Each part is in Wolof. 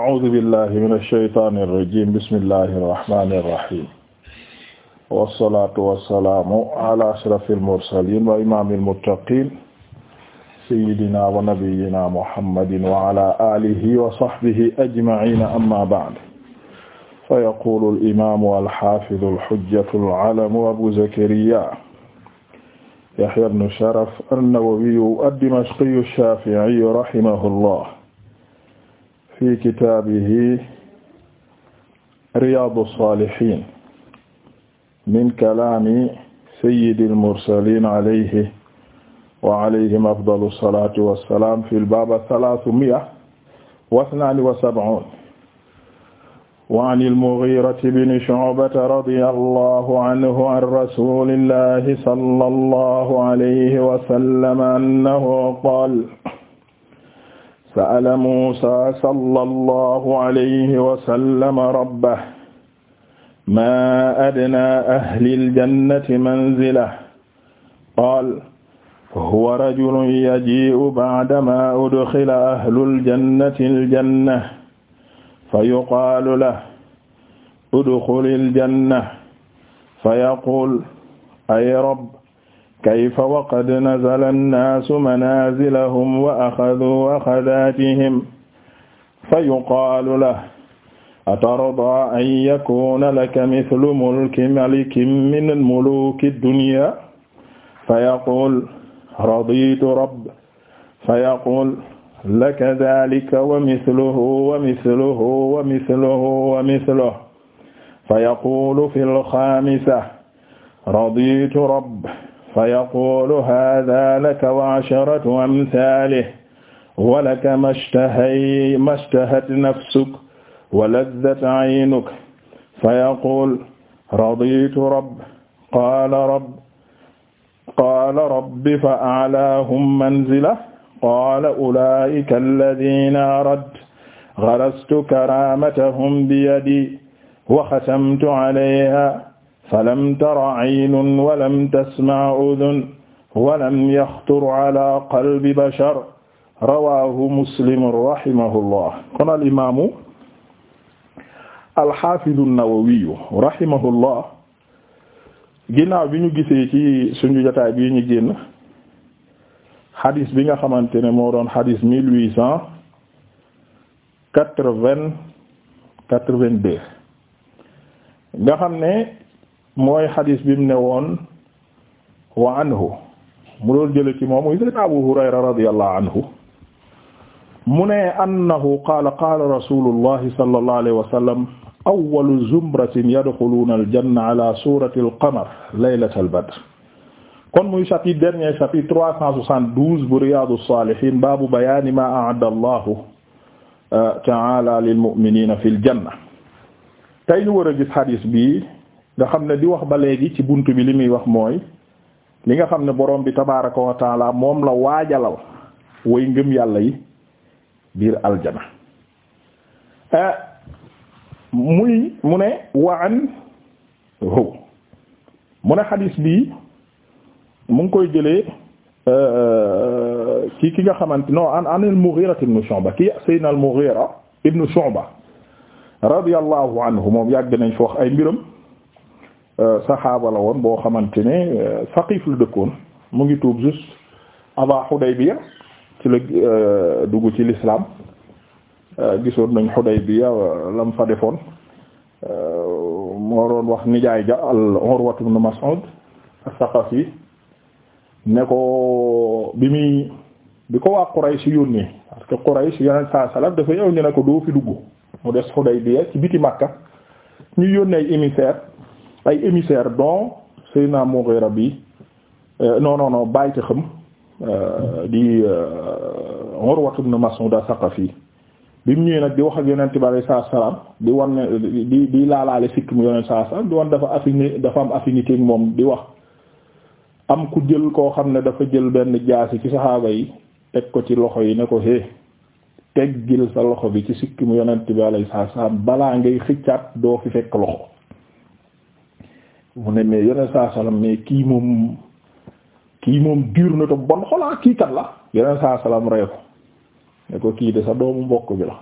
a'uuzu billahi mina shaytaani rajiim bismillahi rahmaani rahiim wassalaatu wassalaamu ala ashrafil mursaliin wa imaamil muttaqiin sayyidinaa wa nabiyyinaa muhammadin wa ala aalihi wa sahbihi ajma'iin amma ba'du fa yaquulu al-imaamu al-haafizu al-hujjatul alamu abu zakariyaa yahyaa ibnu sharaf an-nawawiyu ad-dimashqiyu ash-shaafi'iyyu rahimahullaah fi kitaabihi riyaadu saalihiin min kalaami sayyidil mursaliin alayhi wa alayhim afdalu salaatu wa salaam fil baab salaasumi'a wa isnaani wa sab'uun wa anil Mughiirati bni Shu'bata radiyallaahu anhu an rasuulillaahi sallallaahu alayhi wa sallam annahu qaala sa'ala Muusaa sallallahu alayhi wa sallam rabbahu maa adnaa ahlil jannati manzilahu qaala huwa rajulun yajii'u ba'damaa udxila ahlul jannatil jannata fayuqaalu lahu udxulil jannata fayaquulu ay rabb kayfa waqad nazala annaasu manaazilahum wa axaduu axadaatihim fa yuqaalu lahu atardaa an yakuuna laka mithlu mulki malikin min muluki dunya fa yaquul radiitu rabb fa yaquul laka daalika wa mithluhu wa mithluhu wa mithluhu wa mithluhu fa yaquulu fil xaamisa radiitu rabb fa yaqulu hada laka wa asharatu amthaalih wa laka mashtahay mashtahat nafsuk wa laddat aynuk fa yaqul raditu rabb qaala rabb qaala rabbi fa a'laahum manzila qaala ulaa'ika alladhiina aradtu gharastu karaamatahum biyadi wa xatamtu alayha falam tara aynun walam tasma udun walam yaxtur ala qalbi bashar rawaahu muslim rahimahullah kon al imaamu alxaafidu nawawiyu rahimahullah ginnaaw bi ñu gisee ci suñu jotaay bii ñu génn xadis bi nga xamante ne moo doon xadis mille huit cent quatre-vingt quatre-vingt-deux nga xam ne mooy xadis bi mu ne woon wa anhu mu doon jële ci moom muy sayyidina Abu Hurayra radiyallahu anhu mu ne annahu qaala qaala rasulullahi sallallahu alayhi wa sallam awwalu zumratin yadxuluuna aljanna ala surati alqamar laylat albadr kon muy chapitre dernier chapitre trois cent soixante-douze bu Riyadu Salihin baabu bayaani ma a'adda allahu euh, ta'ala lil mu'minina fil janna tey ñu war a gis xadis bi nga xam ne di wax ba léegi ci bunt bi li muy wax mooy li nga xam ne borom bi tabaaraka wa taala moom la waajalal way ngëm yàlla yi biir aljana eh, muy mu ne wa mu ne xadiis bii mu ngi koy jëlee eh, eh, ki ki nga xamante non an an al-Mughira ibn Shu'ba ki sayyidina al-Mughira ibn Shu'ba radiyallahu anhu moom yàgg nañ fi wax ay mbiram Euh, saxaaba la woon boo xamante ne euh, Saqif lu dëkkoon mu ngi tuub juste avant Hudaybiya ci la euh, dugg ci lislaam gisoon nañ Hudaybiya lam fa defoon moo doon wax nijaay ja al Urwa ibn Mas'ud as-Saqafi ne ko bi muy bi ko waa Quraysh yónnee parce que Quraysh yeneen saa salaf dafa ñëw ñu ne ko doo fi dugg mu des Hudaybiya ci biti Makka ñu yónnee émissaire ay émissaires dont Seyna Mughira bi euh, non non non bàyyite xam euh, di euh, Urwa ibn Mas'ud Saqafi bi mu ñëwee nag di wax ak yonent bi alayhi salaatu salaam di wan ne di di laalaale sikk dafa affinité dafa am affinité ak moom di wax am ku jël koo xam ne dafa jël benn jaasi ci saxaaba yi teg ko ci loxo yi ne ko hé teggil sa loxo bi ci sikk mu yonent bi alayhi salaam balaa ngay xëccaat doo fi fekk loxo mu ne mais yeneen saa salaam mais kii moom kii moom dur na te bon xolaa ah, kii kat la yeneen saa salaam ree ne ko kii de sa doomu mbokk bi la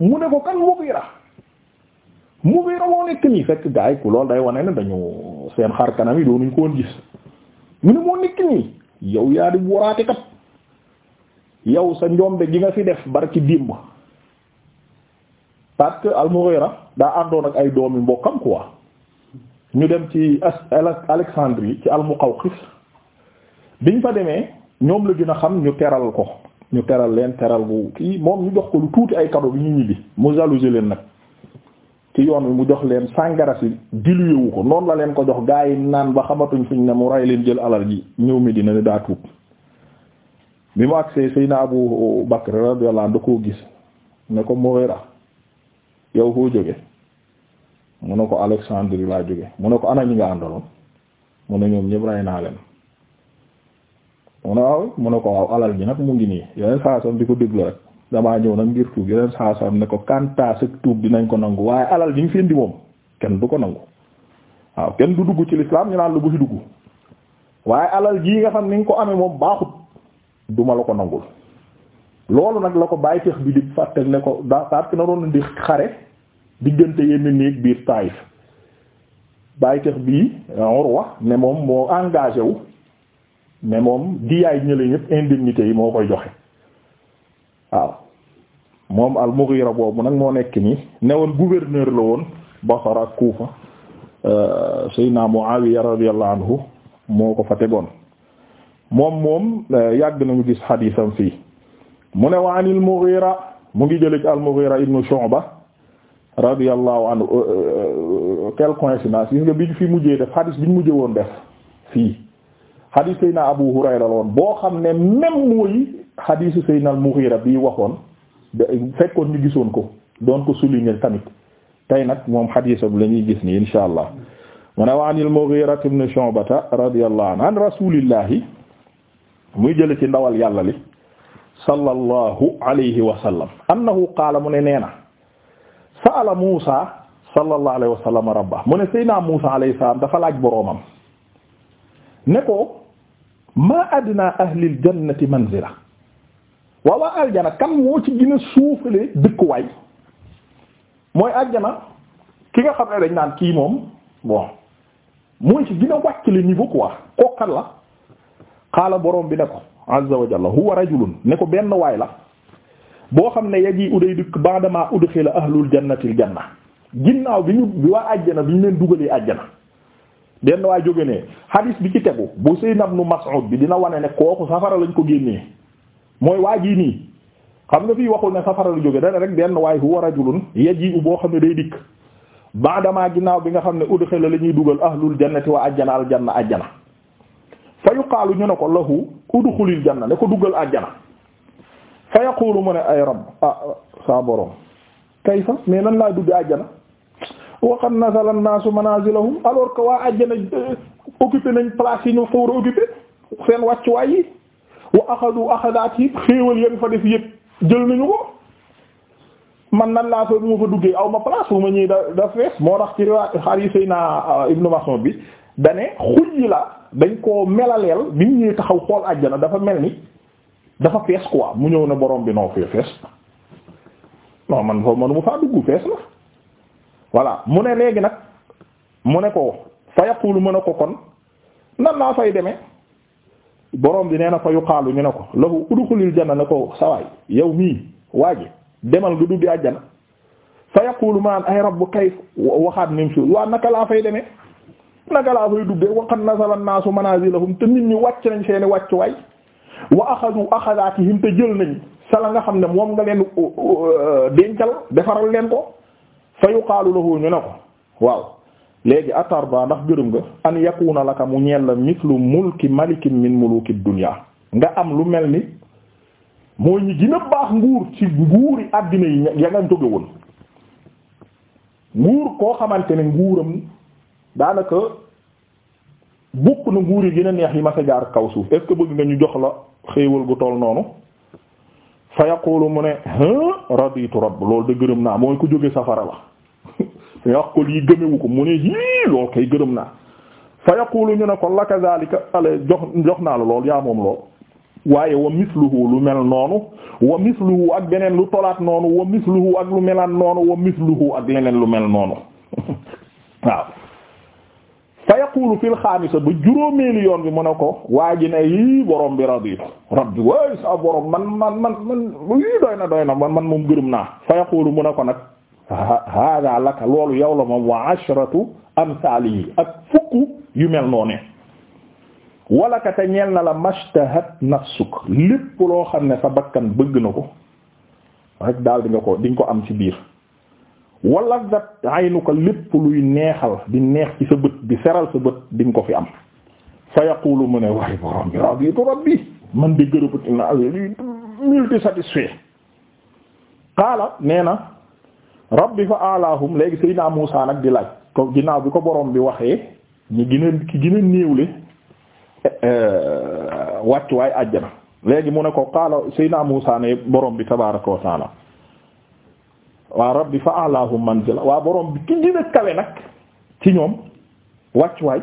mu ne ko kan Mughira Mughira moo nekk nii fekk gaa loolu day wane ne dañu seen xar kanam yi doo ko woon gis mu ne moo nekk nii yow yaa di waraate kat yow sa njombe gi nga fi def barki dimb parce que al Mughira daa àndoon ak ay doomi mbokkam quoi. ñu dem ci Alexandrie ci al-Muqawqis mu xaw biñ fa demee ñoom la gën a xam ñu teral ko ñu teral leen teral bu kii moom ñu jox ko lu tuuti ay cadeau bi ñu ñibbi mu jalousé leen nag ci yoon wi mu jox leen sàngara si dilué wu ko noonu la leen ko jox gaa yi naan ba xamatuñ fuñ ne mu rey leen jël alal ji ñëw mi dina ne daa tuub bi mu agsee Seydina Abu Bakr radiyallahu anhu da koo gis ne ko Mughira yow foo jóge mu ne ko Alexandrie laa jóge mu ne ko ana ñi nga àndaloon mu ne ñoom ñëpp rey naa leen mu ne waaw mu ne ko waaw alal ji nag mu ngi nii yeneen saasam di ko déglu rek damaa ñëw nag ngir tuub yeneen saasam ne ko kanta ak tuub dinañ ko nangu waaye alal ji nga fi indi du ko nangu waaw kenn dugg ci lislaam ñu naan dugg waaye alal ji nga xam ni nga ko amee moom baaxut duma la ko nangul loolu nag la ko bàyyi teex bi di fàtte ne ko daa parce que na doon di xare diggante yenn néeg biir Taayif bàyyi bii Urwa ne moom moo engagé wu ne moom diyaay ñële ñëpp indemnité yi moo koy joxe waaw moom al-Mughira boobu nag moo nekk nii ne woon gouverneur la woon Basra ak Kufa euh, Seydina Muawiya radiyallahu anhu moo ko fa tegoon moom moom euh, yàgg nañu gis xadiisam fii mu ne wa anil Mughira mu ngi jële ci al-Mughira ibnu Shu'ba radiyallahu anhu euh, euh, euh, quelle coïncidence gis nga biñ fi mujjee def xadis biñ mujjee woon def fii xadis Seydina Abu Hurayra la boo xam ne même mooy xadisu Seydina al-Mughira bi waxoon fekkoon ñu gisoon ko doon ko souligner tamit tey nag moom xadisam la ñuy gis nii insha allah mu ne wa an al-Mughira ibn Shu'bata radiyallahu anhu an rasulillahi muy jële ci ndawal yàlla li sallallahu alayhi wa annahu qaala mu ne nee na sa'ala Muusa sallallahu alayhi wa sallam rabba mu ne Seydina Muusa alayhi salaam dafa laaj boroomam ne ko maa adnaa ahlil jannati manzila waaw aljana kan moo ci gën a suufale dëkkuwaay mooy aljana ki nga xam ne dañ naan kii moom bon mooy ci gën a wàcc le niveau quoi kookan la xaala boroom bi ne ko azza wa jalla huwa rajulun ne ko benn waay la boo xam ne yaji uday dikk ba'dama udxila ahlul jannatil janna ginnaaw bi ñu bi waa àjjana bi leen dugalee àjjana benn waay jóge ne hadis bi ci tegu bu Sayyid Ibn Mas'ud bi dina wane ne kooku safara lañ ko génnee mooy waa xam nga fii waxul ne safara jóge dana rek benn waay huwa rajulun yaji'u boo xam ne day dikk ba'dama ginnaaw bi nga xam ne udxila la ñuy dugal ahlul jannati waa àjjana al janna àjjana fa yuqaalu ñu ne ko lahu udxulil janna ne ko dugal àjjana fa yaqulu mu ne ay rabb ah saa borom kayfa mais nan laa dugg àjjana wa na nazala an-naasu manaazilahum alors que waa àjjana euh, occupé nañ place yi ñu fa war a occupé seen wàccuwaay yi wa axadu yi ko man aw ma fees moo tax ci riwaay xarit Seyna euh, Ibnu Mas'ud bi dane xuj la dañ koo melaleel bi mu ñëwee taxaw xool àjjana dafa mel ni. dafa fees quoi mu ñëw ne borom bi noo fee fees non man foofu manu mu faa dugg fees la voilà mu ne léegi nag mu ne ko fa yaqulu mu ne ko kon nan laa fay deme borom bi nee na fa yuqaalu ñu ne ko lahu udxulil janna ne ko sawaay yow mii waaji demal nga duggi àjjana fa yaqulu maan ay rabbu kayf waxaat même chose waa naka laa fay demee naka laa fay duggee waqad nazala an-naasu manaazilahum te nit ñi wàcc nañ seeni wàccuwaay wa axadu axadaatihim te jël nañ sa la nga xam ne moom nga leen uh, uh, dencal defaral leen ko fa yuqaalu lahu ñu ne ko waaw léegi atarba ndax gërëm nga an yakuna laka mu ñeel la mislu mulki malikin min muluki dunya nga am lu mel ni mooy ñi gën a baax nguur ci nguuri àddina yi ya nga jóge woon nguur koo xamante ne nguuram daanaka bukk na nguur yi gën a neex yi ma sa jaar kaw suuf est ce que bëgg nga ñu jox la xéewal gu toll noonu fa yaqulu mu ne raditu rabb loolu de gërëm naa mooy ku jóge safara la nga wax ko lii gëmewu ko mu ne hii loolu kay gërëm naa fa yaqulu ñu ne ko laka zalika ale jox jox naa la lool yaa moom lool waaye wa misluhu lu mel noonu wa misluhu ak beneen lu tolaat noonu wa misluhu ak lu melaat noonu wa misluhu ak leneen lu mel noonu waaw fa yaqulu fil xaamisa ba juróomeelu yoon bi mu ne ko waa ji ne yii borom bi raditu rabbi waay sa borom man man man man yii doy na doy na man man moom gërëm naa fa yaqulu mu ne ko nag hada laka loolu yow la moom wa ashratu amsalihi ak fukk yu mel noonu wala ka te ñeel na la mashtahat nafsuk lépp loo xam ne sa bakkan bëgg na ko rek daal di nga ko di nga ko am ci biir wala dat aynuka lépp luy neexal di neex ci sa bët di seral sa bët di ko fi am fa yaqulu mu ne waaye borom bi raditu rabbi man di gërëbati na li multi satisfait nee na rabbi fa alaahum léegi Seydina Muusaa nag di laaj ko ginnaaw bi ko borom bi waxee ñu gën a ki gën a néewle eh, wàccuwaay àjjana léegi mu ne ko qaala Seydina Muusaa ne borom bi tabaaraka wa waa rabbi fa a'laahum manzila waa borom bi ki gën a kawe nag ci ñoom wàcc waay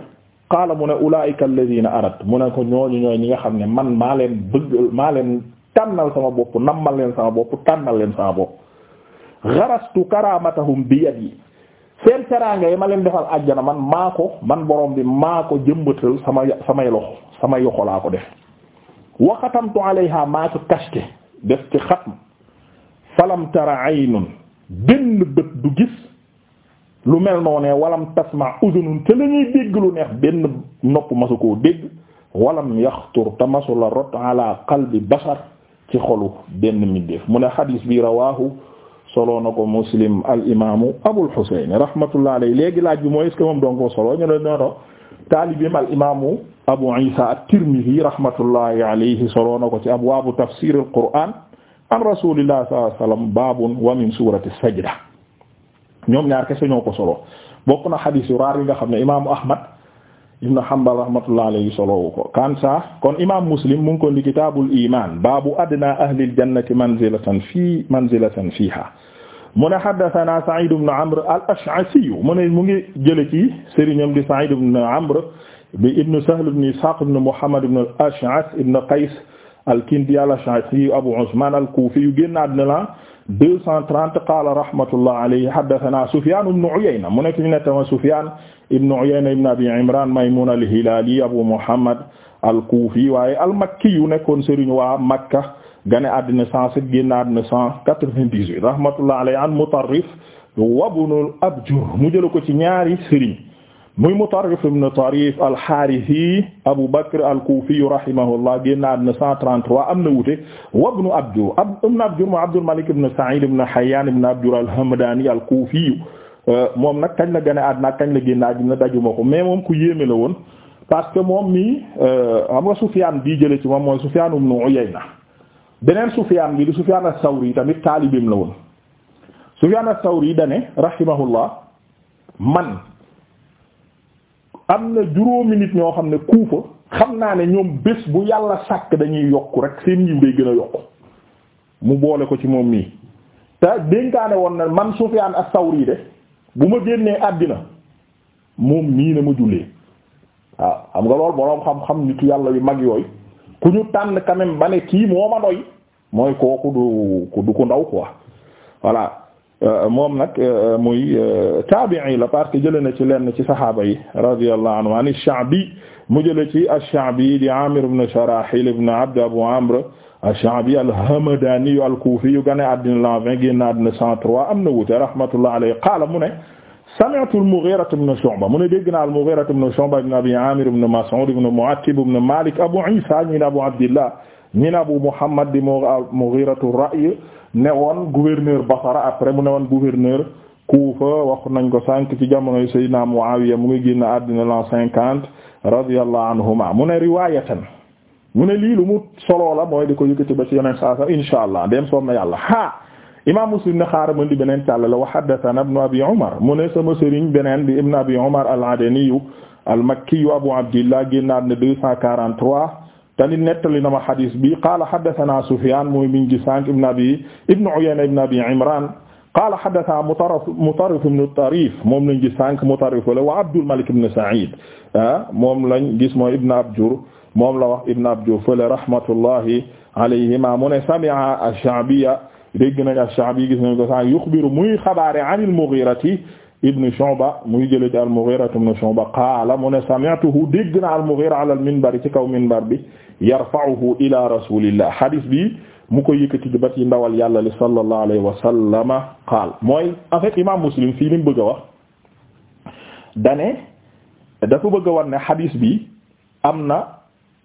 qaala mu ne ulaa'ika alladhiina arat mu ne ko ñooñu ñooy ñi nga xam ne man maa leen bëgg maa leen tànnal sama bopp nammal leen sama bopp tànnal leen sama bopp garastu karaamatahum bi yadi seen teraanga yi ma leen defal àjjana man maa ko man borom bi maa ko jëmbatal sama samay loxo sama yoxo ko def wa xatamtu alayha maa ko kashte def ci xatm falam tara aynun benn bët du gis lu mel noonee walam tasma uzunun te la ñuy dégg lu neex benn nopp masu koo dégg walam yaxtur te masu la rot ala qalbi bashar ci xolu benn mindeef mu ne xadiis bi rawaahu solo na ko muslim al imaamu abul xuseyn rahmatullah alayhi léegi laaj bi mooy est-ce que moom doon ko solo ñu ne noonu taalibeem al imaamu abu isa at-tirmidhi rahmatullahi alayhi solo na ko ci abwaabu tafsir al qur'aan an rasulillah sallallahu alayhi wasallam baabun wa min surati sajda ñoom ñaar kese ñoo ko solo bokk na xadiis yu raar yi nga xam ne imaamu ahmad ibn hanbal rahmatullah alayhi solowu ko kansa kon imam muslim mu ngi ko ndi kitaabul iman baabu adna ahlil jannati manzilatan fii manzilatan fiiha mu ne haddathana Sa'id ibn Amr al-Ash'asi mu ne mu ngi jële ci sëriñam di Sa'id ibn Amr bi ibn Sahl ibn Ishaq ibn Muhammad ibn al-Ash'as ibn Qays al-Kindi al-Ash'athi Abu Usman al-Kufi yu génn àddina la 230 qaala rahmatullah alayhi haddathana Sufyan ibn Uyayna mu nekk ñu ne tamit Sufyan ibn Uyayna ibn Abi Imran Maymun al-Hilali Abu Muhammad al-Kufi waaye al-Makki yu nekkoon sëriñ waa Makka gane àddina 107 génn àddina 198 rahmatullah alayhi an Mutarrif wa ibn al-Abjar mu jël ko ci ñaari sëriñ muy Mutarrif ibn Tarif al-Harisi Abu Bakr al-Kufi rahimahullah génn na 133 am na wuute wa ibn Abjur ibn Abjur mu Abdul Malik ibn Sa'id ibn Hayyan ibn Abjur al-Hamdani al-Kufi euh, moom nag kañ la gane àddina kañ la génn àddina dajuma ko mais moom ku yéeme la woon parce que moom mii euh, xam ma Sufyaan bii jële ci moom mooy Sufyaan ibn Uyayna beneen Sufyaan bi di Sufyaan as-Sawri tamit taalibeem la woon Sufyaan as-Sawri dane rahimahullah man am na juróomi nit ñoo xam ne kuufa xam naa ne ñoom bés bu yàlla sàkk dañuy yokku rek seen yiw day gën a yokku mu boole ko ci moom mii te dénkaane woon na man Sufyaan as-Sawri de bu ma génnee àddina moom mii na ma jullee waaw xam nga loolu boroom xam-xam nitu yàlla yu mag yooyu ku ñu tànn quand même ba ne kii moo ma doy mooy kooku du du ko ndaw quoi voilà Euh, moom nag euh, muy euh, taabi'i la parce que jëlee na ci lenn ci saxaaba yi radiyallahu anhu an ash-Sha'bi mu jëlee ci ash-Sha'bi di Amir ibn Sharahil ibn Abd Abu Amr ash-Sha'bi al-Hamadani al-Kufi yu gane àddina l'an vingt génn àddina cent trois am na wuute rahmatullah alayhi qaala mu ne sami'tu al-Mughira ibn Shu'ba mu ne dégg naa al-Mughira ibn Shu'ba ibn Abi Amir ibn Mas'ud ibn Mu'attib ibn Malik Abu Isa ñi Abu Abdillah ñi Abu Muhammad di Mughiratu ar-Ra'y ne woon gouverneur Basra après mu ne woon gouverneur Kufa wax nañ ko sànq ci jamonoy Seydina Muawiya mu ngi génn àddina l'an cinquante radiyallahu anhuma mu ne riwaayatan mu ne lii lu mu solo la mooy di ko yëkkati ba ci yeneen saa sax allah dem soom na yàlla ha imam Muslim ne xaaral ma di beneen càll la wa haddathana ibn Abi Umar mu ne sama sëriñ beneen di ibn Abi Umar al-Adaniyu al-Makkiyu Abu Abdillah génn àddina deux cent quarante-trois tanit nettali na ma xadis bi qaala haddathana Sufyan mooy min gi sànq ibn abi ibn Uyayna ibn abi Imran qaala haddathana Mutarrif Mutarrif ibn Tarif moom lañ gis sànq Mutarrif wala wa Abdul Malik ibn Sa'id ah moom lañ gis mooy ibn Abjur moom la wax ibn Abjur fële rahmatullahi alayhima mu ne sami'a ash-Sha'biyya dégg nañ ash-Sha'bi gis nañ ko sànq yukhbiru muy xabaare an al-Mughirati ibn Shu'ba muy jële ci al-Mughira ibn Shu'ba qaala mu ne sami'tuhu dégg na al-Mughira ala al-minbar ci kaw minbar bi yarfa'uhu ila rasulillah hadis bi mu ko yëkkati ba yi ndawal yàlla li sallallahu alayhi wa sallama qaal mooy en fait imam muslim fii li mu bëgg a wax dane dafa bëgg a war ne hadis bi am na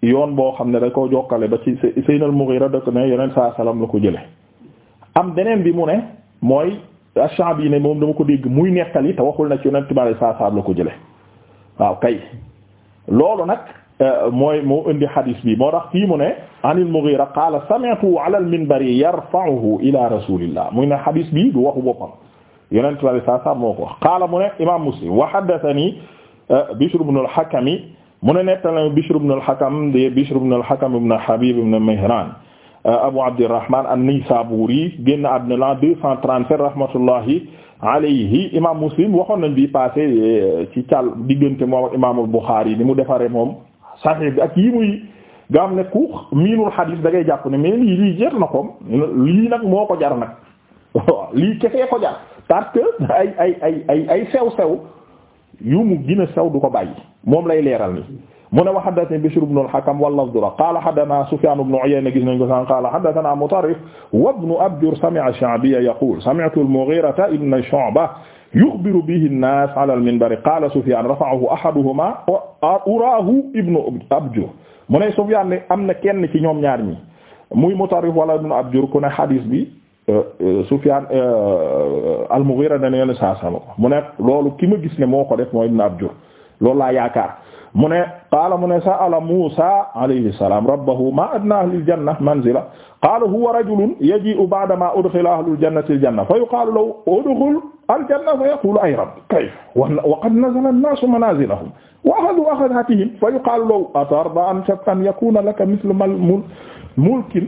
yoon boo xam ne da ko jokkale ba ci Seydina al-Mughira da ko ne yeneen saa la ko jële am beneen bi mu ne mooy Ash-Sha'bi ne moom dama ko dégg muy nettali te waxul na ci yonent bi sallallahu alayhi la ko jële waaw kay loolu nag mooy moo indi hadis bi moo tax fii mu ne an al-Mughira qaala sami'tu ala al-minbari yarfa'uhu ila rasulillah muy ne hadis bi du waxu boppam yonent bi saa saa moo ko wax qaala mu ne imam Muslim wa haddathani uh, Bishr ibn al-Hakam mu ne nettali Bishr ibn al-Hakam de Bishr ibn al-Hakam ibn Habib ibn Mihran uh, Abu Abdirrahman an-Naysaburi génn àddina l'an 237 rahmatullahi alayhi imam Muslim waxoon nañ bi passé uh, ci càll diggante moom ak imam al-Bukhari ni mu defaree moom saxee bi ak yi muy nga am ne ku miinul xadiis da ngay jàpp ne mais lii lii jar na koom lii nag moo ko jar nag waaw lii kesee ko jar parce que ay ay ay ay ay sew sew yu mu gën a sew du ko bàyyi moom lay leeral ni mu ne wa haddathani Bishr ibn al-Hakam wallafdula qala haddathana Sufyan ibn Uyayna gis nañ ko san qala haddathana Mutarrif wa ibn Abjar sami'a Sha'biyya yaqul sami'tu al-Mughira ibn Shu'ba yuxbiru bihi an-naas ala al-minbari qaala Sufyaan rafa'ahu ahaduhumaa wa uraahu ibnu Abjur mu ne Sufyaan ne am na kenn ci ñoom ñaar ñi muy Mutarrif wala ibnu Abjur ku ne xadiis bi euh, euh, Sufyaan euh, al-Mughira dana yoon saa sama mu ne loolu ki ma gis ne moo ko def mooy ibnu Abjur loolu laa yaakaar mu ne qaala mu ne sa'ala Muusaa alayhi salaam rabbahu maa adnaa ahlil janna manzila qaala huwa rajulun yaji'u ba'da maa udxila ahlul jannati aljanna fa yuqaalu lahu udxul aljanna fa yaquulu ay rabb kayfa wa qad nazala annaasu manaazilahum wa axaduu axazaatihim fa yuqaalu lahu atardaa an yakuuna laka mislu mulkin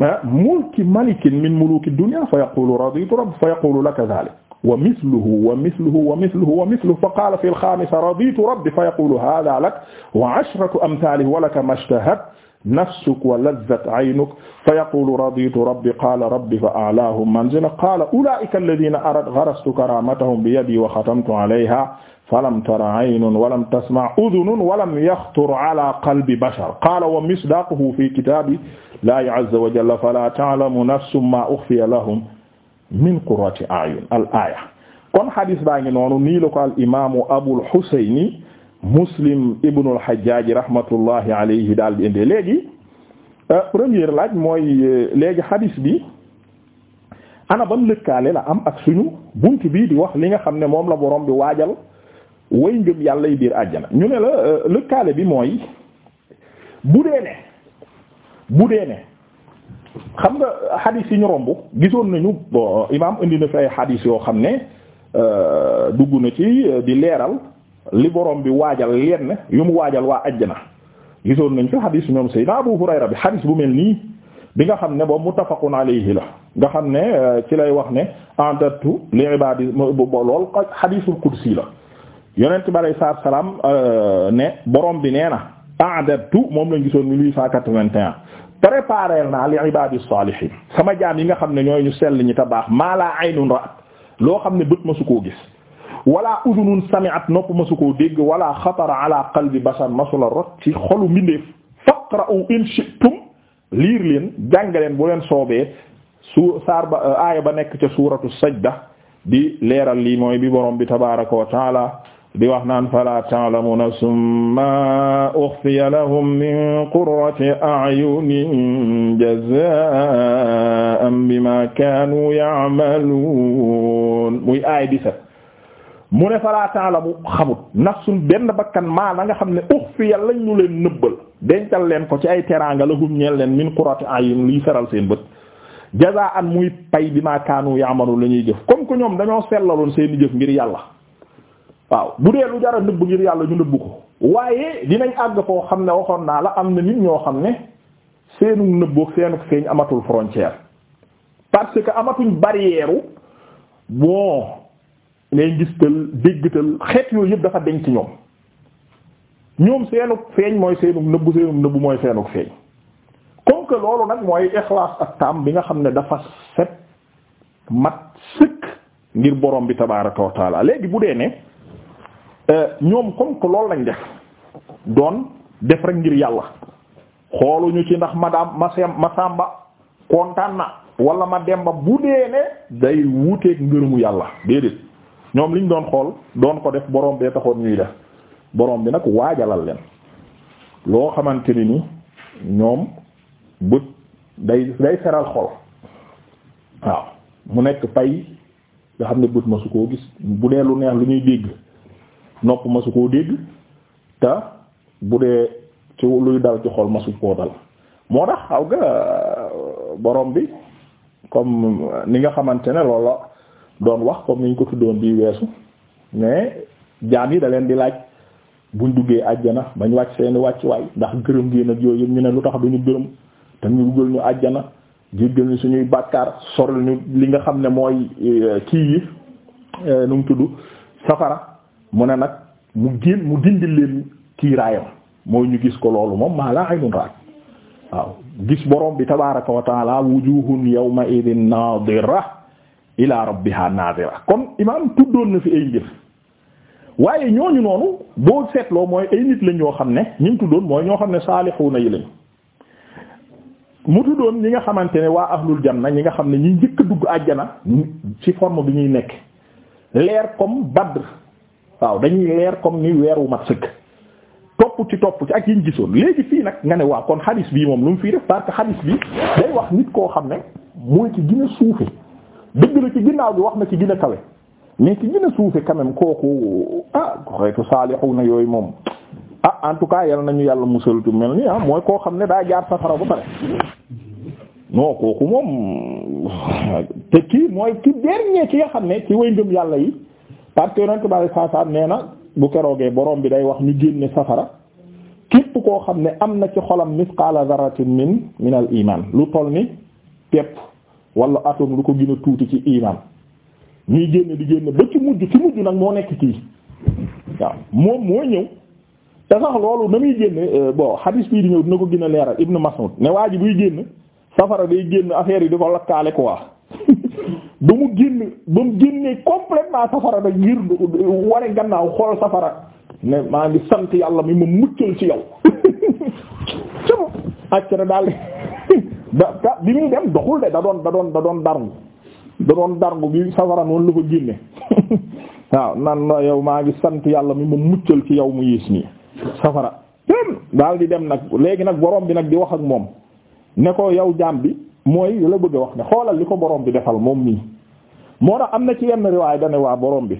eh, mulki malikin min muluuki dunya fa yaquulu radiitu rabb fa yaquulu laka zaalika wa misluhu wa misluhu wa misluhu wa misluhu fa qaala fi al-xaamisa radiitu rabbi fa yaqulu haadaa laka wa ashratu amsaalihi wa laka mashtahat nafsuk wa lazzat aynuk fa yaqulu raditu rabbi qaala rabbi fa a'laahum manzila qaala ulaa'ika allaziina gharastu karaamatahum biyadii wa xatamtu alayhaa falam tara aynun walam tasma' udhunun walam yaxtur alaa qalbi bashar qaala wa misdaaquhu fii kitaabi llaahi azza wa jalla falaa ta'lamu nafsun maa uxfiya lahum min qurrati ayun al aya kon hadis baa ngi noonu nii la ko al imaamu abul husayni muslim ibnul hajjaaj rahmatullahi alayhi daal bi indee léegi euh, première laaj mooy euh, léegi hadis bi ana ban lëkkaale la am ak suñu bunt bii di wax li nga xam ne moom la boroom bi waajal way ngëm yàlla yi biir àjjana ñu ne la euh, lëkkaale bi mooy bu dee ne bu dee ne xam nga xadiis yi ñu romb gisoon nañu bon imaam indi na fi ay xadiis yoo xam ne euh, dugg na ci euh, di leeral li borom bi waajal lenn yu mu waajal waa ajjana gisoon nañ fi xadiis ñoom Seydina Abu Hurayra bi xadiis bu mel nii bi nga xam ne boobu muttafaqun alayhi la nga xam ne euh, ci lay wax ne antattu li ibadi lool xadiisul qudsi la yonent bi alayhi salaatu wa ne borom bi nee na antattu moom lañ gisoon 1881 prépareel naa li ibadis sama jaam yi nga xam ne ñooy ñu sell ñi ta baax maa laa aynun ra'at loo xam ne bët ma ko koo gis wala udunun sami'at nopp ma su koo dégg wala xatara ala qalbi basar masula rot ci xolu mbindeef faqra'u in shi'tum liir leen jàngaleen bu leen soobee su saar ba aaya ba nekk ca suratu sajda di leeral lii mooy bi borom bi tabaraka di wax naan fala ta'lamu nafsun ma ukhfiya lahum min qurrati a'yunin jazaa'an bima kaanu ya'maluun muy aay di set mu ne fala ta'lamu xamut nafsun benn bakkan maa la nga xam ne ukhfiya lañ ñu leen nëbbal dencal leen ko ci ay teraanga lahum ñeel leen min qurrati a'yun liy feral seen bët jazaa'an muy pay bima kaanu ya'maluun la ñuy jëf comme que ñoom dañoo sellaloon seen i jëf ngir yàlla waaw bu dee lu jara nëbb ngir yàlla ñu nëbb ko waaye dinañ àgg foo xam ne waxoon naa la am na nit ñoo xam ne seenu nëbb seenu feeñ amatul frontière parce que amatuñ barrière bon ngay gis tal déggtal xeet yooyu yëpp dafa denc ñoom ñoom seenug feeñ mooy seenug nëbb seenug nëbb mooy seenu feeñ comme que loolu nag mooy ixlaas ak taam bi nga xam ne dafa set mat sëkk ngir borom bi tabaaraka wa léegi bu dee ne Euh, ñoom comme que loolu lañ def doon def rek ngir yàlla xooluñu ci ndax madame ma sàmba kontaan na wala ma demba bu dee ne day wuteeg ngërëmu yàlla déedéet ñoom liñ doon xool doon ko def boroom bee taxoon ñuy def borom bi nag waajalal leen loo xamante ni ni ñoom bët day day seral xol waaw mu nekk pay nga xam ne bët ma su koo gis bu dee lu neex lu ñuy dégg. nopp masu koo dégg te bu dee ci luy dal ci xol masu koo dal moo tax xaw ga euh, borom bi comme ni nga xamante ne loolu la doon wax comme ni ñu ko tuddoon bi weesu mais jaam yi da leen di laaj buñ duggee àjjana bañ wàcc seeni wàcc waay ndax gërëm gi nag yooyu yëpp ñu ne lu tax duñu gërëm te ñu dugal ñu àjjana jéggal ñu suñuy bàkkaar soril ñu li nga xam ne mooy euh, kii yi euh, nu mu tudd safara mu ne nag mu gén mu dindi leen kiiraayam mooy ñu gis ko loolu moom maa laa aynun raat waaw gis borom bi tabaaraka wa taala wujuhun yawma idin naadira ila rabbiha naadira kon imaam tuddoon na fi ay ngir waaye ñooñu noonu boo seetloo mooy ay nit lañ yoo xam ne ñi mu tuddoon mooy ñoo xam ne saalixuuna yi lañ mu tuddoon ñi nga xamante ne waa ahlul janna ñi nga xam ne ñi njëkk dugg àjjana ci forme bi ñuy nekk leer comme Badr waaw dañuy leer comme ni weer wu mat sëkk topp ci topp ci ak yiñ gisoon léegi fii nag nga ne waa kon xadis bii moom lu mu fii def parce que xadis bi day wax nit koo xam ne mooy ci gën suufe dëgg wax na ci gën a kawe mais ci gën a kooku ah xeetu saalixu na yooyu moom ah en tout cas yal nañu yàlla tu mel ni ah mooy koo xam ne daa jaar safara ba pare non kooku moom te kii mooy ki dernier ki nga xam ne ci way ngëm yàlla yi parce que yonent bi saa saa nee na bu keroogee borom bi day wax ñu génne safara képp koo xam ne am na ci xolam misqaala daratin min min al iman lu toll ni tepp wala atom lu ko gën tuuti ci iman ñuy génn di génn ba ci mujj ci mujj nag moo nekk kii waaw moom moo ñëw te sax loolu na muy boo euh, bon bii di ñëw dina ko gën a leeral Ibn Mas'ud ne waa ji buy génn safara day génn affaire yi di ko lakkaale quoi. ba mu génn ba mu génnee complètement safara da ngir ware gannaaw xool safara ne maa ngi sant yàlla mi ma muccal ci yow cam accra daal da bi muy dem doxul de da doon da doon da doon darngu da bi safara noonu ko génne nan na yow maa sant yàlla mi ma muccal ci yow mu yées nii safara di dem nag léegi nag borom bi nag di wax ak moom ne ko yow jaam bi mooy la bëgg a wax ne xoolal li ko boroom bi defal moom nii moo tax am na ci yenn riwaay dane waa borom bi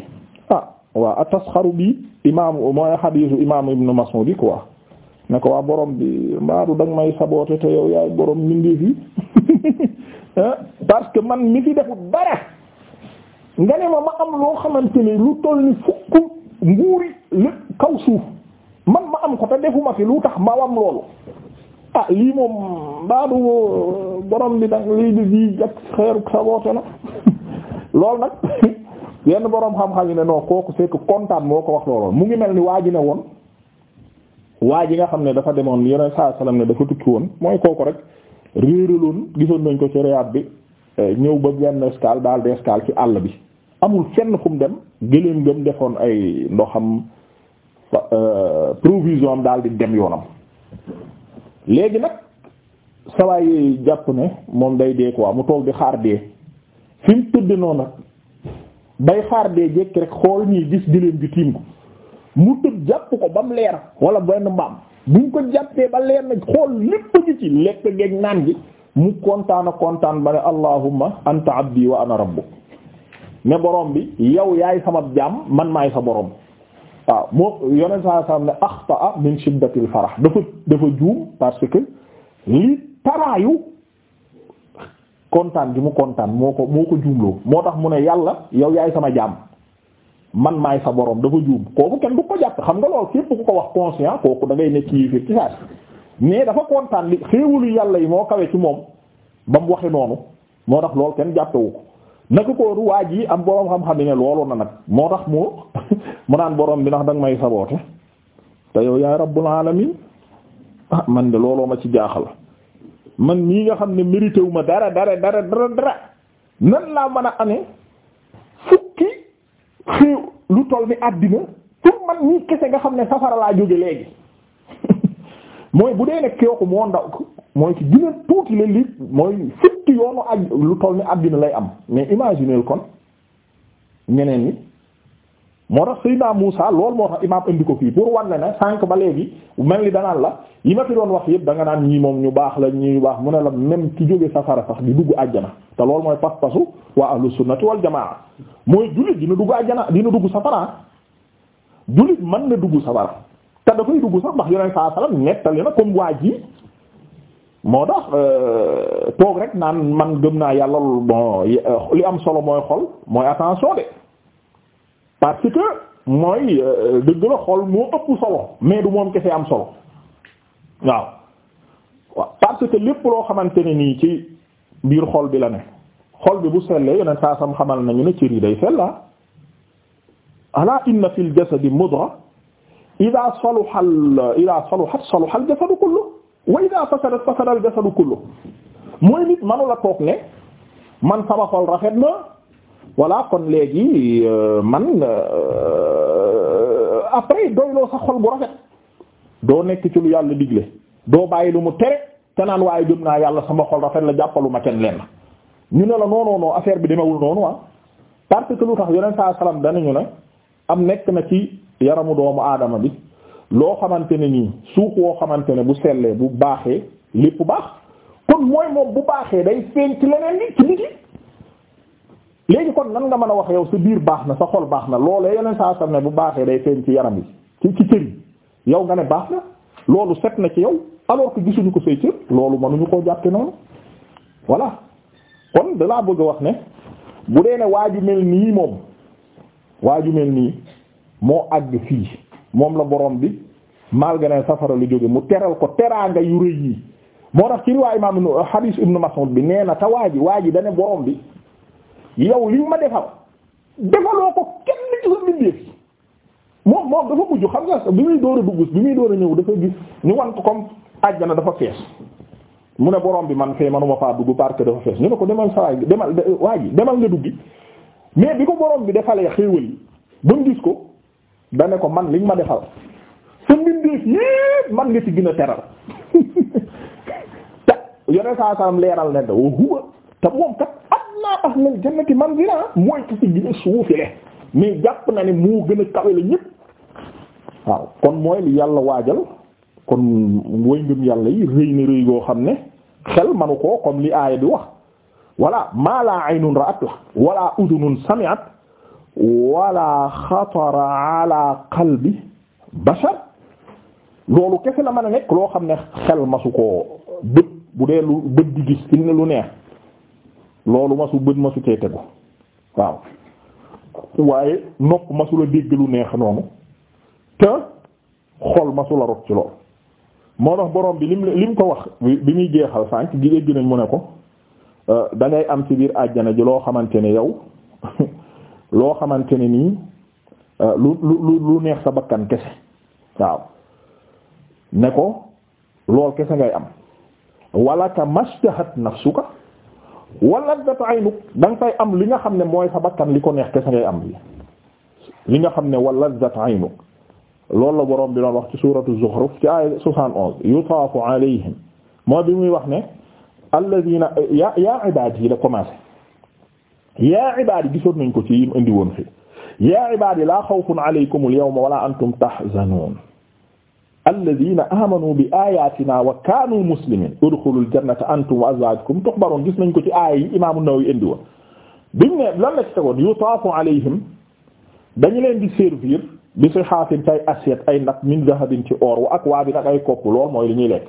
ah waa atasxaru bi imaam mooy xadiisu imaam ibnu Mas'ud waa ne ko waa boroom bi mbaaru danga may saboote te yow yaay borom mindeef yi ah, parce que man mi fi defut dara nga ne ma ma am loo xamante ne lu toll ni fukk nguuri lépp kaw suuf man ma am ko te defuma fi lu tax ma am loolu ah lii moom baadu uh, borom bi nag lii di di ak xeeru saboote la loolu nag yenn borom xam-xam yi ne non kooku c'est kontaan moo ko wax looloon mu ngi mel ni waa ji ne woon waa ji nga xam ne dafa demoon yeneen saa salaam ne dafa tukki woon mooy kooku rek réeraloon gisoon nañ ko ci Riyad bi eh, ñëw ba benn escale daal di escale ci àll bi amul fenn fu mu dem gëléem gëm defoon ay ndoxam euh, provision am daal di dem yoonam. léegi nag sawaay yooyu jàpp ne moom day dee quoi mu toog bi xaar dee fi tëdd noonu nag day xaar dee jekki rek xool ñii gis gëléem gi tiim ko mu tëdd jàpp ko ba mu leer wala benn mbaam buñ ko jàppee ba leer na xool lépp gi ci lekk geeg naan gi mu kontaan kontaan ba ne allahumma anta abdi wa ana rabbuk ne borom bi yow yaay sama jaam man maay sa borom waaw moo yonent saa saam ne axtaa min shiddatil farax dafa dafa juum parce que li taraayu kontaan gi mu kontaan moo ko moo ko juumloo moo tax mu ne yàlla yow yaay sama jaam man maay sa boroom dafa juum kooku kenn du ko jàpp xam nga lool képp ku ko wax conscient kooku da ngay nekk yi fi ci saa mais dafa kontaan li xéewalu yàlla yi moo kawe ci moom ba mu waxi noonu moo tax lool kenn jàppewu ko naka kooru waa ji am boroom xam-xam yi ne loolu na nag moo tax mu mu naan boroom bi ndax danga may saboote te yow yaay rabbul alamin ah man de looloo ma ci jaaxal man mii nga xam ne mérité wu ma dara dara dara dara nan laa mën a amee fukki xew lu toll ni àddina pour man mii kese nga xam ne safara laa jóge léegi mooy bu dee ne kooku moo ndaw mooy ci gën tuuti la li mooy surtout yoonu aj lu toll ni àddina lay am mais imaginez kon ñeneen yi moo tax Seydina Muusa loolu moo tax imaam indi ko fii pour wan ne ne ba léegi mel ni danaan la yi ma fi doon wax yëpp da nga naan ñii moom ñu baax la ñii ñu baax mu ne la même ki jóge safara sax di dugg àjjana te loolu mooy pas-pasu waa ahlu sunnati wal jamaa mooy jullit dina dugg àjjana dina dugg safara jullit man na dugg safara te dafay dugg sax ndax yeneen saa salaam nettali na comme waa ji moo tax euh, toog rek naan man gëm naa yàlla bon li am solo mooy xol mooy attention de parce que mooy euh, dëgg la xol moo ëpp solo mais du moom kese am solo waaw waaw parce que lépp loo xamante ni nii ci biir xol bi la ne xol bi bu sellee yoneen saa sam xamal nañu ne cër yi day sellaa ah. ala inna fil jasadi mudra ida saluha ida saluhat saluha al jasadu kullu wa idaa fasadat fasadal jasadu kullu mooy nit manula toog ne man sama xol rafet na voilà kon léegi euh, man euh, après doyloo sa xol bu rafet doo nekk ci lu yàlla digle doo bàyyi lu mu tere te naan waaye gëm naa yàlla sama xol rafet la jàppalu ma kenn leen ñu ne la non non non bi demewul noonu ah parce que lu tax yeneen saa salaam ñu ne am nekk na ci yaramu doomu aadama bi. loo xamante ne nii suuf woo xamante ne bu sellee bu baaxee lépp baax kon mooy moom bu baaxee day feeñ ci leneen li ci nit yi léegi kon nan nga mën a wax yow sa biir baax na sa xol baax na loolee yeneen saa sam ne bu baaxee day feeñ ci yaram yi ci ci cër yi yow nga ne baax na loolu set na ci yow alors que gisuñu ko say cër loolu ñu koo jàppe noonu voilà kon dalaa bëgg a wax ne bu dee ne waaju mel nii moom waaju mel nii moo àgg fii moom la boroom bi malgré safara lu jóge mu teral ko teraanga yu rëy yi moo tax ci riwaay imaam hadis ibnu Mas'ud bi nee na te waa ji waa ji dane borom bi yow liñ ma defal defaloo ko kenn ci xam nga bi muy door a dugg bi muy door a ñëw dafa gis ñu wan ko comme àjjana dafa fees mu ne borom bi man fee manuma faa dugg parce que dafa fees ñu ne ko demal sawaay demal waa ji demal nga duggi mais bi ko borom bi defalee xéewal yi ba gis ko da ko man li ma defal sa mbindeef yépp man nga ci gën a teral te yoneen saa leeral ne da wa huwa te moom kat adna ahlil jannati manzila mooy ki ci gën a suufile mais jàpp na ne moo gën a kawe la ñépp waaw kon mooy li yàlla waajal kon woy ngëm yàlla yi rëy na rëy goo xam ne xel manu koo comme li aaya bi wax wala ma la aynun ra'at la wala udunun sami'at wala xatara ala bi bashar loolu kese la mën a nekk loo xam ne xel masu koo bët bu dee lu bët di gis lu neex loolu masu bët masu cee tegu waaw waaye nopp masu la dégg lu neex noonu te xol masu la rot ci loolu moo tax borom bi lim lim ko wax bi muy jeexal sànq gi dégg nañ mu ne ko euh, dangay am ci biir àjjana ji loo xamante ne yow loo xamante ne nii euh, lu lu lu neex sa bakkan kese waaw ne ko lool kese ngay am wala ka mashtahat nafsuka wala dat aynuk da nga fay am li nga xam ne mooy sa li ko neex kese ngay am bi li nga xam ne wala dat aynuk loolu la boroom bi doon wax ci suuratu Zuxruf ci aaya soixante onze yutaafu alayhim moo bi muy wax ne alladina ya ya ibadi yi la commencé yaa ibaadi gisoon nañ ko ci yim indi woon fi yaa ibaadi laa xawfun alaykumul yawma wala antum tahzanuun alladina amanu bi ayatina wa kaanu muslimin udxulul jannata antum wa azwaajukum tuxbaruun gis nañ ko ci aaya yi imaamu Nawawi indi woon biñ ne lan la ci tegoon yutaafu alayhim dañu leen di servir bi sihafin tay assiette ay nag min zahabin ci or wa akwaabin ak ay kopp lool mooy li ñuy lekk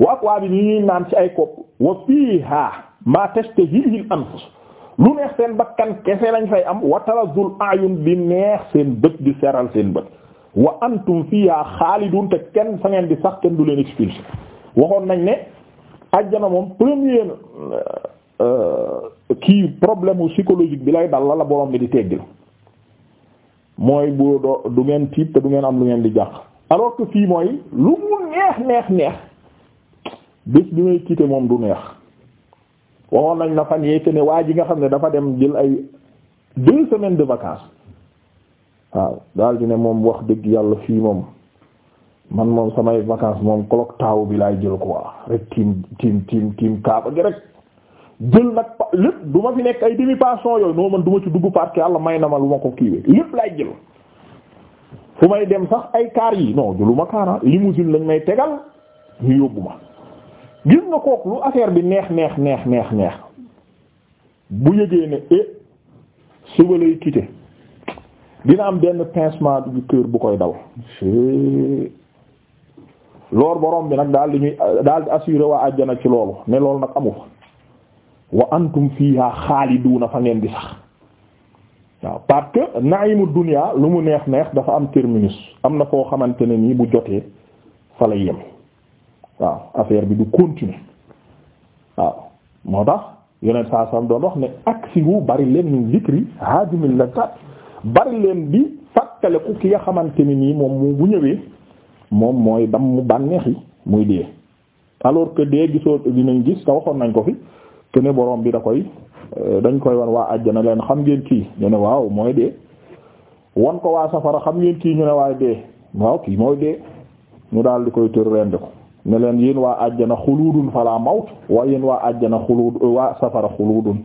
wa akwaabin yi ñuy naan ci ay kopp wa fiihaa maa tashtahiihi al anfus lu neex seen bakkan kese lañ fay am wa talazzul ayun di neex seen bët di seral seen bët wa antum fiha xaalidun te kenn fa ngeen di sax kenn du leen expulsé waxoon nañ ne ajjana moom premier euh, euh, kii problème psychologique bi lay dal la la borom bi di teggil mooy bu do du ngeen tiit te du ngeen am lu ngeen di jàq alors que fii mooy lu mu neex neex neex bés bi may quitté moom du neex waxoon nañ la fan yee que ne waa ji nga xam ne dafa dem jël ay deux semaines de vacances waaw daal di ne moom wax dëgg yàlla fii moom man moom samay vacances moom clock taw bi laay jël waa rek tiim tiim tiim tiim kaaba gi rek jël nag lépp du ma fi nekk ay demi passion yooyu noo man duma ma ci dugg parce que yàlla may na ma lu ma ko kiiwee lépp laay jël fu may dem sax ay kaar yi non jëluma car ah limousine lañ may tegal ñu yóbbu gis nga kooku lu affaire bi neex neex neex neex neex bu yëgee ne e suba lay quitté dina am benn pincement du cœur bu koy daw loolu borom bi nag dal di ñuy daal di assuré waa àjjana ci loolu ne loolu nag amu fa wa antum fiha xaaliduuna fa ngeen di sax waaw parce que na'imu dunya lu mu neex neex dafa am terminus am na foo xamante ne nii bu jotee fa lay yem waaw affaire bi du continuer waaw moo tax yeneen saa sam doon wax ne aksi wu bari leen min zikri haadimil lazat bari leen di fàttaliku ki nga xamante ni nii moom mu bu ñëwee moom mooy dam mu bànneex yi muy dee alors que dee gisoo dinañ gis te waxoon nañ ko fi te borom bi da koy euh, dañ koy wan waa àjjana leen xam ngeen kii ñu ne waaw mooy dee wan ko waa safara xam ngeen kii ñu ne waaye dee waaw kii mooy dee ñu daal di koy tër rend ko ne leen yéen waa àjjana xuluudun fala mawt waa yéen waa àjjana xuluud waa safara xuluudun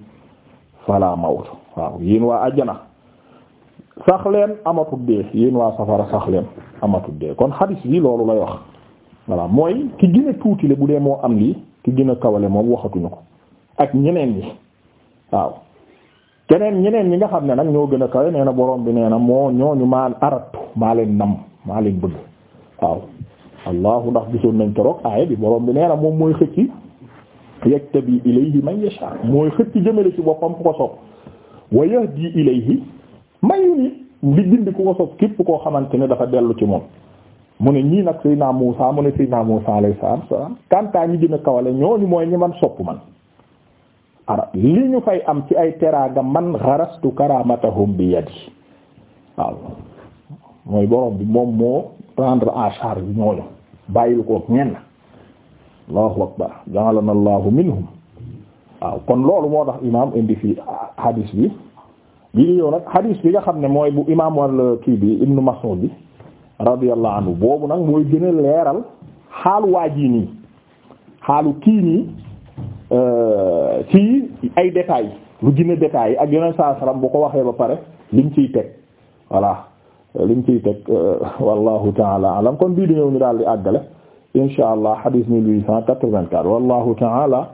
fala mawt waaw yéen waa àjjana sax leen amatu dee yéen waa safara sax leen amatu kon hadis bi loolu lay wax voilà mooy ki gën tuuti le bu dee moo am lii ki gën a moom waxatuñu ko ak ñeneen ñi waaw keneen ñeneen yi nga xam ne nag ñoo gën a kawe nee na borom bi nee moo ñooñu maa aratu maa leen nam maa leen bëgg waaw allahu ndax gisoon nañ keroog aaya bi borom bi nee moom mooy xëcc yaktabi ilayhi man yasha mooy xëcc jëmale ci boppam ku ko sopp ilayhi man yunib li gindi ku ko sopp képp koo xamante ne dafa dellu ci moom mu ne ñii nag Seydina Muusa mu ne Seydina Muusa alayhi salaam kantaa ñi gën a kawale ñooñu mooy ñi man sopp man ara li ñu fay am ci ay teraanga man xarastu karamatahum bi yadi waaw mooy borom bi moom moo prendre en charge ñooñu bàyyil koog ñenn allahu akbar ja'alana allahu minhum waaw kon loolu moo tax imaam indi fi hadis bi nag hadis nga xam ne mooy bu imaam wal kii bi ibnu Mas'ud bi radiyallahu anhu boobu nag mooy gën a leeral xaalu waa jii nii xaalu kii nii euh, ci ay détails lu gën a détails ak yeneen saa salaam bu ko waxee ba pare lim ciy teg voilà liñ ciy teg euh, wallahu taala alam kon bii di ñëw ñu daal di àggale insha allah hadith 1884 wallahu taala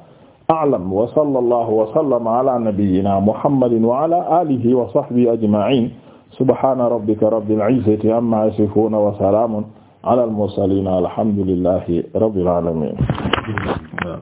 a'lam wa sallallahu wa sallama ala nabiyyina muhammadin wa ala alihi wa sahbihi ajma'in subhana rabbika rabbil izzati amma yasifun wa salamun ala al mursalin alhamdulillahi rabbil alamin